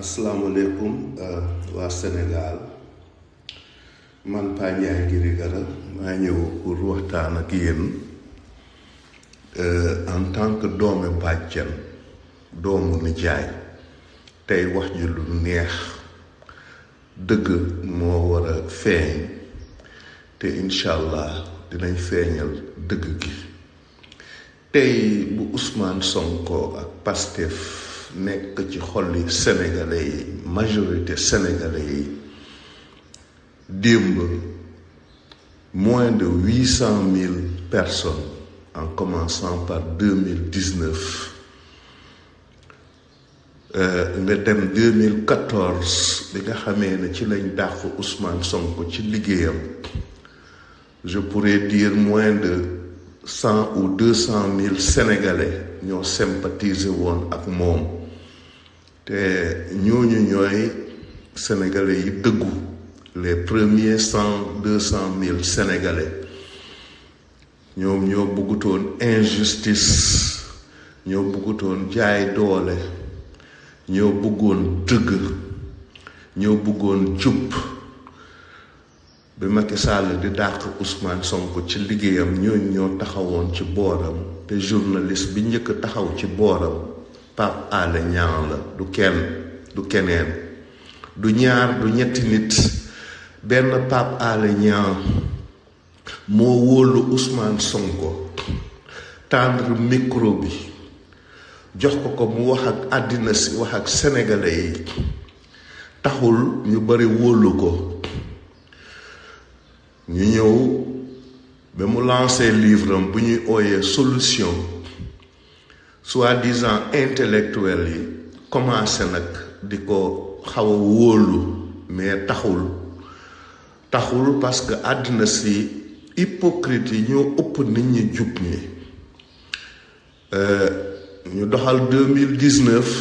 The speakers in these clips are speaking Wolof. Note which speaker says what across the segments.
Speaker 1: asalaamaaleykum uh, waa Sénégal man Pa Ndiaye Guirigara maa ñëw pour waxtaan ak yéen uh, en tant que doomi bàjjen doomu nijaay tey wax ji lu neex dëgg moo war feeñ te incha allah dinañ feeñal dëgg gi tey bu usmaan Sonko ak Pastef tu ci les sénégalais la majorité sénégalais moins de 800 000 personnes en commençant par 2019 le thème 2014 je pourrais dire moins de 100 ou 200 000 sénégalais qui ont sympathisé avec moi te ñooñu ñooy sénégalais yi dëggu les premier cent deux cent mille sénégalais ñoom ñoo bëggutoon injustice ñoo bëggutoon jaay doole ñoo bëggoon dëgg ñoo bëggoon jub bi Macky Sall di dàq Ousmane Sonko ci liggéeyam ñooñu ñoo taxawoon ci booram te journaliste bi njëkk taxaw ci booram Pape ala ñaan la du kenn du keneen du ñaar du ñetti nit benn Pape ala ñaan moo wóolu Ousmane Sonko tendre micro bi jox ko ko mu wax ak àddina si wax ak sénégalais yi taxul ñu bari wóolu ko ñu ñëw ba mu lancé livre bu ñuy ooyee solution soi-disant intellectuels yi commencé nag di ko xaw a wóolu mais taxul taxul parce que àddina si hypocrite yi ñoo ëpp nit ñi jub ñi euh, ñu doxal 2019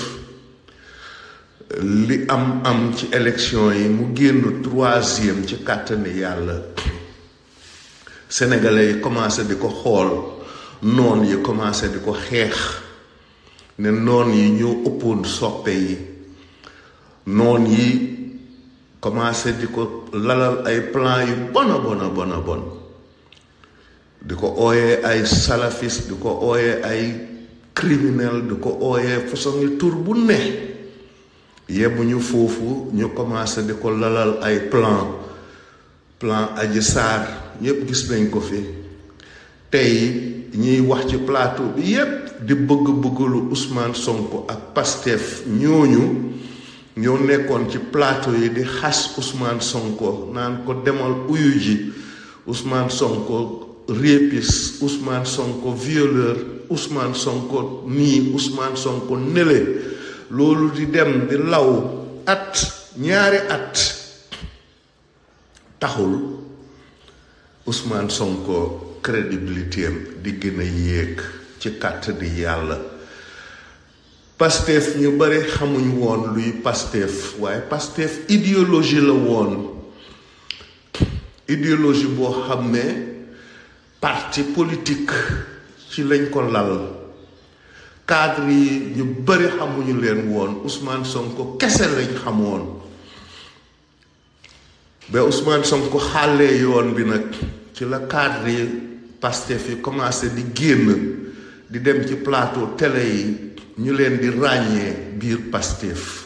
Speaker 1: li am am ci élection yi mu génn troisième ci kàttani yàlla sénégalais yi commencé di ko xool noon yi commencé di ko xeex ne noon yi ñoo ëppoon soppe yi noon yi commencé di ko lalal ay plan yu bon a bon a bon a bon di ko ooyee ay salafis di ko ooyee ay criminel di ko ooyee façon yi tur bu ne yebu ñu foofu ñu commencé di ko lalal ay plan plan aji saar ñëpp gis nañ ko fi tey ñuy wax ci plateau bi yépp di bëgg bëggulu usmaan Sonko ak Pastef ñooñu ñoo nekkoon ci plateau yi di xas Ousmane Sonko naan ko demal uyu ji Ousmane Sonko réepis Ousmane Sonko violeur Ousmane Sonko nii Ousmane Sonko nele loolu di dem di law at ñaari at taxul usmaan Sonko crédibilité am di gën a yéeg ci kàttani yàlla pastef ñu bari xamuñ woon luy pastef waaye pastef idéologie la woon idéologie boo xam ne parti politique ci lañ ko lal cadre yi ñu bari xamuñu leen woon Ousmane Sonko kese lañ xamoon ba Ousmane Sonko xàllee yoon bi nag ci la cadre yi yi commencé di génn di dem ci plateau tele yi ñu leen di ràññee biir Pastef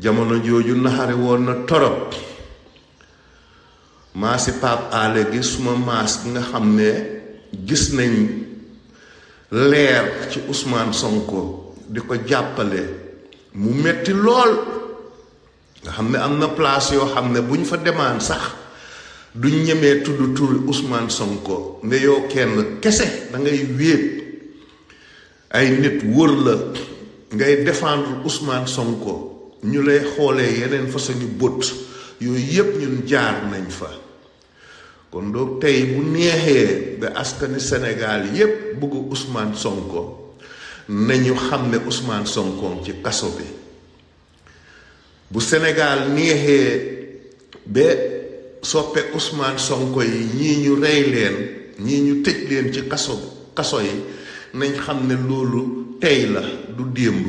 Speaker 1: jamono jooju naxare woon na torop maasi Pape Alé gi suma maas bi nga xam ne gis nañ leer ci usmaan Sonko di ko jàppale mu metti lool nga xam ne am na place yoo xam ne bu ñu fa demaan sax du ñëmee tudd turi Ousmane Sonko ne yow kenn kese da ngay wéet ay nit wër la ngay défendre Ousmane Sonko ñu lay xoolee yeneen façon bët yooyu yépp ñun jaar nañ fa kon donc tey bu neexee ba askani Sénégal yépp bëgg Ousmane Sonko nañu xam ne Ousmane Sonko ci kaso bi bu Sénégal neexee ba soppe usmaan Sonko yi ñii ñu rey leen ñii ñu tëj leen ci kaso kaso yi nañ xam ne loolu tey la du démb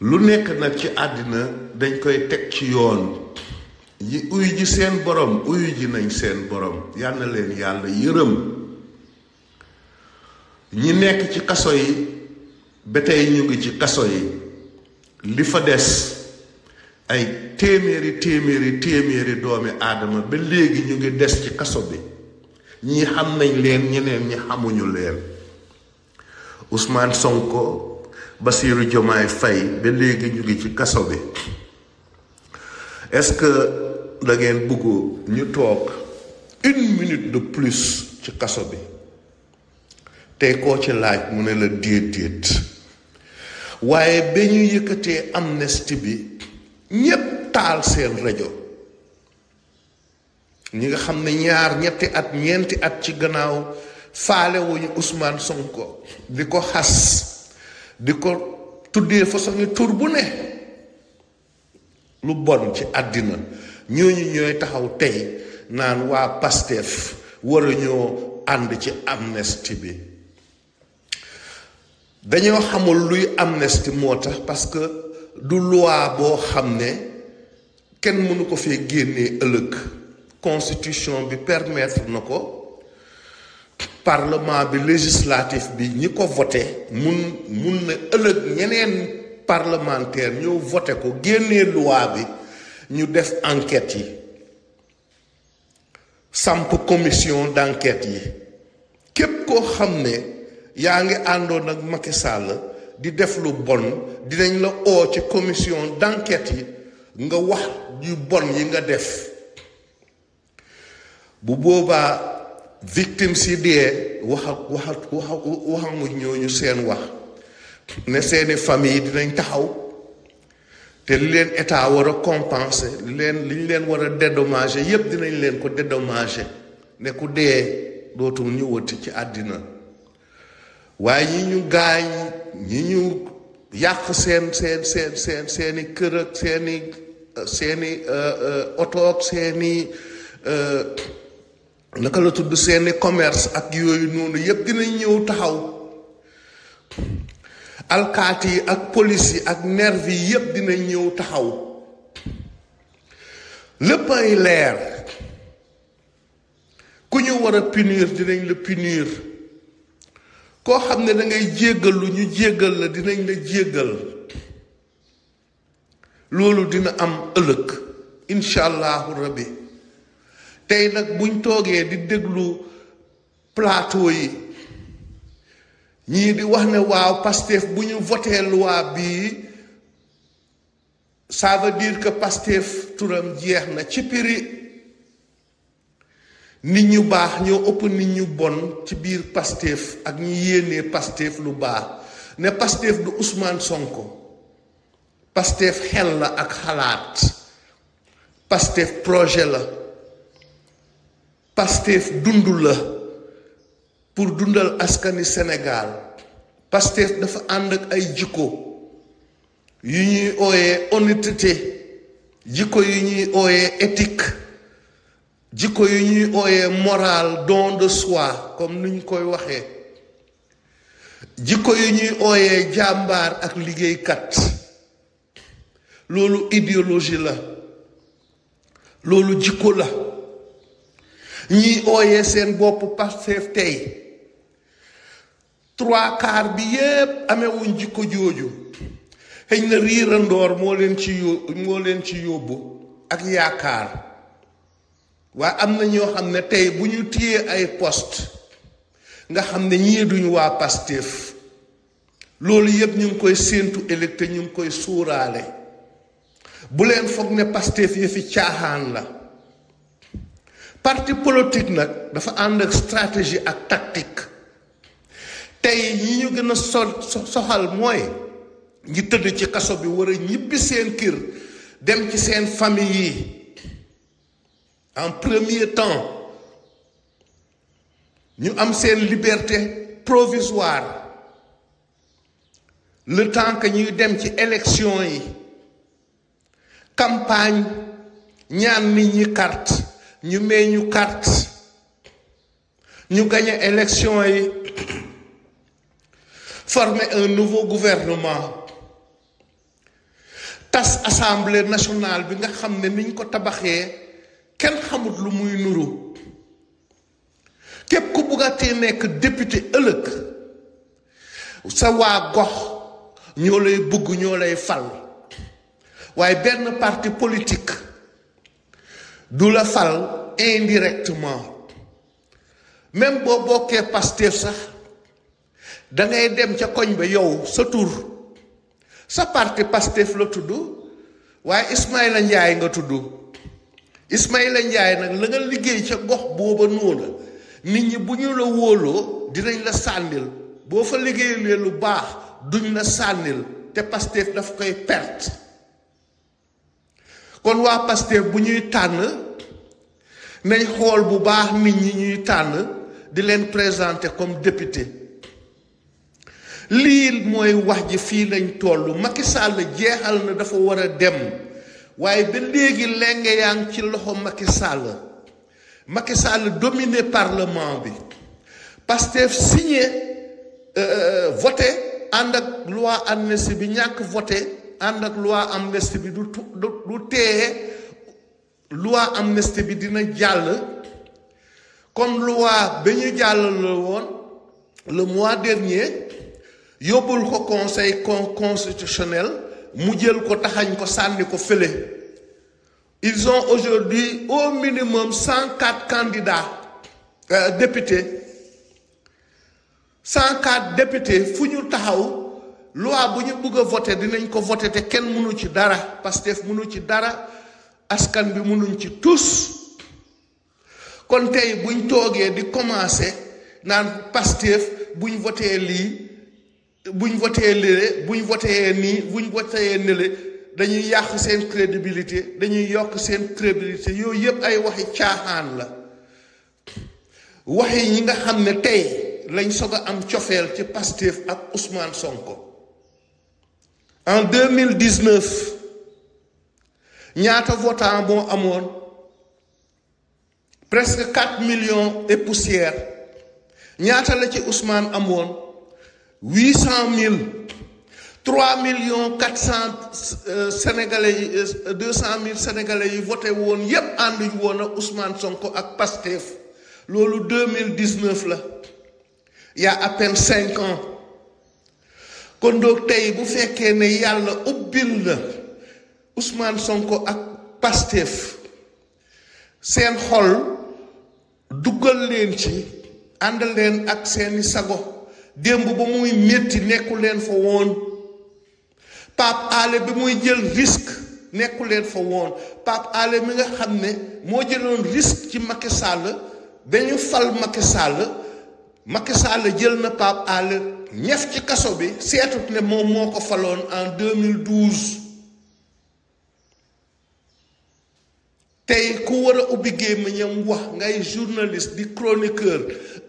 Speaker 1: lu nekk nag ci àddina dañ koy teg ci yoon yi uyu ji seen borom uyu ji nañ seen borom yal leen yàlla yërëm ñi nekk ci kaso yi ba tey ñu ngi ci kaso yi li fa des ay téeméeri téeméeri téeméeri doomi aadama ba léegi ñu ngi des ci kaso bi ñi xam nañ leen ñeneen ñi xamuñu leen Ousmane Sonko basiiru Diomaye fay ba léegi ñu ngi ci kaso bi est-ce que ngeen bëgg ñu toog une minute de plus ci kaso bi tey koo ci laaj mu ne la déet déet waaye ba ñu yëkkatee amnistie bi ñépp taal seen rajo ñi nga xam ne ñaar ñetti at ñeenti at ci gannaaw faale wuñu Ousmane Sonko di ko xas di ko tuddee façon tur bu ne lu bon ci àddina ñooñu ñooy taxaw tey naan waa Pastef war ñoo ànd ci amnistie bi dañoo xamul luy amnistie moo tax parce du loi boo xam ne kenn mënu ko fee génnee ëllëg constitution bi permettre na ko parlement bi législatif bi ñi ko vote mun mun na ëllëg ñeneen parlementaire ñëw vote ko génnee loi bi ñu def enquête yi samp commission d' yi képp koo xam ne yaa ngi àndoon ak Macky Sall di def lu bon dinañ la oo ci commission d'enquête yi nga wax yu bon yi nga def bu boobaa victime si dee wax ak wax ak wax ñooñu seen wax ne seeni famille dinañ taxaw te li leen état war a compenser li leen li ñu leen war a dédommager yépp dinañ leen ko dédommager ne ku dee dootul ñëwati ci àddina waaye yi ñu gaañ ñi ñu yàq seen seen seen seen seeni kër ak seeni seeni euh, euh, oto ak seeni euh, naka la tudd seeni commerce ak yooyu noonu yëpp dinañ ñëw taxaw alkaati yi ak police yi ak nervi yi yëpp dinañ ñëw taxaw lépp ay leer ku ñu war a punir dinañ la punir koo xam ne dangay jéggal lu ñu jéggal la dinañ la jéggal loolu dina am ëllëg incha allahu rabbi tey nag buñ toogee di déglu plateau yi ñii di wax ne waaw Pastef bu ñu voté loi bii ça veut dire que turam jeex na ci piri nit ñu baax ñoo ëpp nit ñu bon ci biir Pastef ak ñu yéenee Pastef lu baax ne Pastef du Ousmane Sonko Pastef xel la ak xalaat Pastef projet la Pastef dund la pour dundal askani Sénégal Pastef dafa ànd ak ay jikko yu ñuy ooyee honnêteté jikko yu ñuy ooyee éthique jikko yu ñuy ooyee moral don de soi comme ni koy waxee jikko yu ñuy ooyee jàmbaar ak liggéeykat loolu idéologie la loolu jikko la ñuy ooyee seen bopp Pastef tey trois quarts bi yépp amewuñ jikko jooju xëy na riirandoor moo leen ci yó moo leen ci yóbbu ak yaakaar waaye am na ñoo xam ne tey bu ñu téyee ay post nga xam ne ñii duñu waa pastif loolu yëpp ñu ngi koy séentu ëllëg ñu ngi koy suuraale bu leen foog ne Pastef yi fi caaxaan la parti politique nag dafa ànd ak stratégie ak tactique tey ñi ñu gën a so soxal mooy ñi tëdd ci kaso bi war a ñibbi seen kër dem ci seen famille yi en premier temps nous avons seen liberté provisoire le temps que nous dem ci élection yi campagne ñaan nit ñi carte ñu may une carte ñu gagné élection yi former un nouveau gouvernement tas assemblée nationale bi nga xam ne niñ ko ken xamut lu muy nuru képp ku buggatee nekk député ëllëg sa waa gox ñoo lay bugg ñoo lay fal waaye benn parti politique du la fal indirectement même boo bokkee pasteur sax da ngay dem ca koñ ba yow sa tour, sa parti pasteur la tudd waaye Ismaïla Ndiaye nga tudd Ismaïla Ndiaye nak la nga liggéey ca gox booba noonu nit ñi bu ñu la wóoloo dinañ la sànnil boo fa liggéeyulee lu baax duñ la sànnil te Pastef daf koy perte kon waa Pastef bu ñuy tànn nañ xool bu baax nit ñi ñuy tànn di leen présenter comme député lii mooy wax ji fii lañ toll Macky Sall jeexal na dafa war a dem waaye ba léegi lenge yaa ci loxo Macky Sall dominé parlement bi Pastef signé euh, euh, voté ànd loi Amnesty, bi ñàkk voté ànd loi amnistie bi du du loi amnistie bi dina comme loi ba ñu le mois dernier yóbbul ko conseil constitutionnel mu jël ko taxañ ko sanni ko fële ils ont aujourd'hui au minimum 104 candidats euh, députés 104 députés fu taxaw loi buñu bëgg a voté dinañ ko voté té kenn mënu ci dara Pastef mënu ci dara askan bi mënuñ ci tous kon tay buñ togué di commencer nan Pastef buñ voté li buñ votee lële buñ votee nii buñ votee dañuy yàq seen crédibilité dañuy yokk seen crédibilité yooyu yëpp ay waxi caaxaan la waxi ñi nga xam ne tey lañ soog a am cofeel ci Pastef ak Ousmane Sonko en 2019 ñaata votant boo amoon presque 4 million et poussière ñaata la ci Ousmane amoon 800 000 3 millions 400 euh, sénégalais 200 000 euh, sénégalais yi voté pour Ousmane Sonko et Pastef 2019 il y a à peine 5 ans kon Ousmane Sonko et Pastef c'est xol duggal andal démb ba muy métti nekkuleen leen fa woon Pape bi muy jël risque nekku leen fa woon Pape Alé mi nga xam ne moo jëloon risque ci Macky Sall ba fal Macky Sall Macky Sall jël na Pape ñef ci kaso bi seetut ne moom moo ko faloon en tey ku war a ubbi gémmiñam wax ngay journaliste di chroniqueur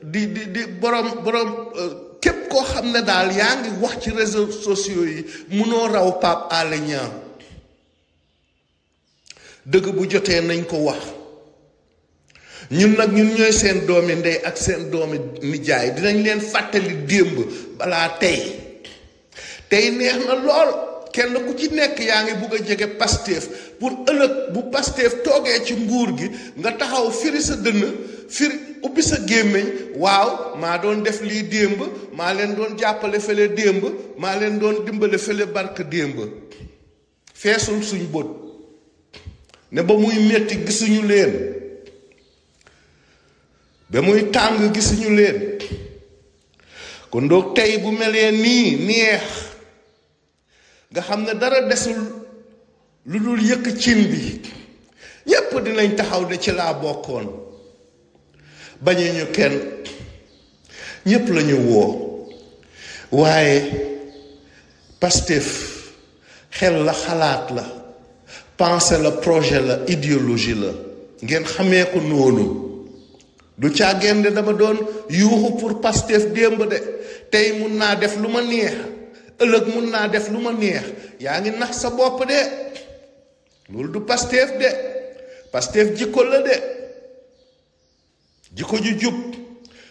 Speaker 1: di di di borom borom. Euh, képp koo xam ne daal yaa ngi wax ci réseaux sociaux yi munoo raw Pape Alé Niang dëgg bu jotee nañ ko wax ñun nag ñun ñooy seen doomi ndey ak seen doomi nijaay dinañ leen fàttali démb balaa tey tey neex na lool kenn ku ci nekk yaa ngi bugg a jege Pastef pour ëllëg bu Pastef toogee ci nguur gi nga taxaw firi sa dënn firi ubbi sa gémmiñ waaw maa doon def lii démb maa leen doon jàppale fële démb maa leen doon dimbale fële barke démb feesul suñ bot ne ba muy metti gisuñu leen ba muy tàng gisuñu leen kon doog tey bu melee nii neex nga xam ne dara desul lu dul yëkk cin bi ñépp dinañ taxaw de ci laa bokkoon bañee ñu kenn ñépp lañu woo waaye Pastef xel la xalaat la pensée la projet la idéologie la ngeen xamee ko noonu du càggeen de dama doon yuuxu pour Pastef démb de tey mun naa def lu ma neex ëllëg mun naa def lu ma neex yaa ngi nax sa bopp de loolu du Pastef de Pastef jikko la de jikko ju jub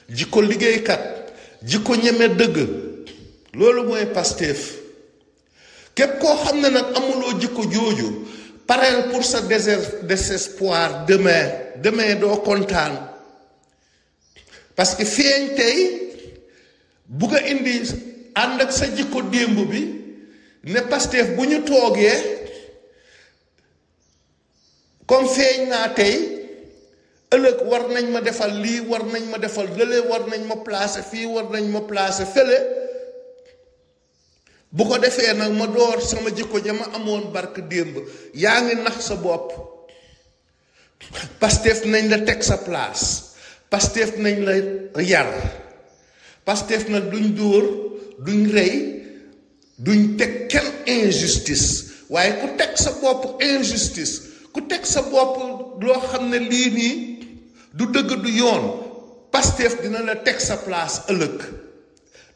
Speaker 1: jikko liggéeykat jikko ñeme dëgg loolu mooy Pastef képp koo xam ne nag amuloo jikko jooju pareel pour sa désert désespoir demain demain doo kontaan parce que feeñ tey bu nga indi ànd ak sa jikko démb bi ne Pastef bu ñu toogee comme feeñ naa tey ëllëg war nañ ma defal lii war nañ ma defal lële war nañ ma placer fii war nañ ma placer fële bu ko defee nag ma door sama jikko ja ma amoon barke démb yaa ngi nax sa bopp Pastef nañ la teg sa place Pastef nañ la yar Pastef nag duñ dóor duñ rey duñ teg kenn injustice waaye ku teg sa bopp injustice ku teg sa bopp loo xam ne lii nii du dëgg du yoon Pastef dina la teg sa place ëllëg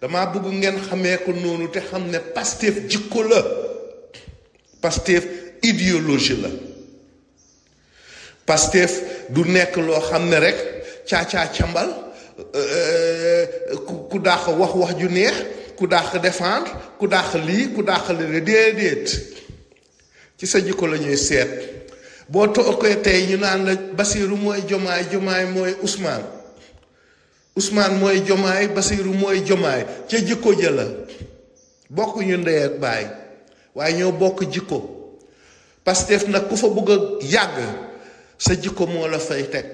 Speaker 1: dama bëgg ngeen xamee ko noonu te xam ne Pastef jikko la Pastef idéologie la Pastef du nekk loo xam ne rek caacaa cambal euh, ku ku daax wax wax ju neex ku daax défendre ku daax lii ku daax lii déedéet ci sa jikko lañuy ñuy seet boo toogee tey ñu naan la Basiiru mooy Jomaay Jomaay mooy Ousmane usmaan mooy Jomaay Basiiru mooy Jomaay ca jikko ja la bokk ñu ndey ak baay waaye ñoo bokk jikko Pastef nag ku fa bëgg a yàgg sa jikko moo la fay teg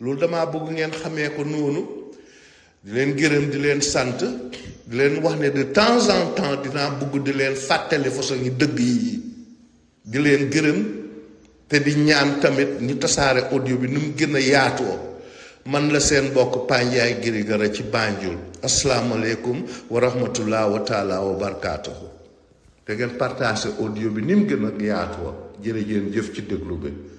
Speaker 1: loolu dama bëgg ngeen xamee ko noonu di leen gërëm di leen sant di leen wax ne de temps en temps dinaa bëgg di leen fàttali façon yi dëgg yi di leen gërëm te di ñaan tamit ñu tasaare audio bi nu mu gën a yaatoo man la seen mbokk Pandiaye Girigara ci Banjul asalaamaaleykum wa rahmatullah wa taala wa barakaatuhu te ngeen audio bi ni mu gën a yaatoo jërëjëf jëf ci déglu bi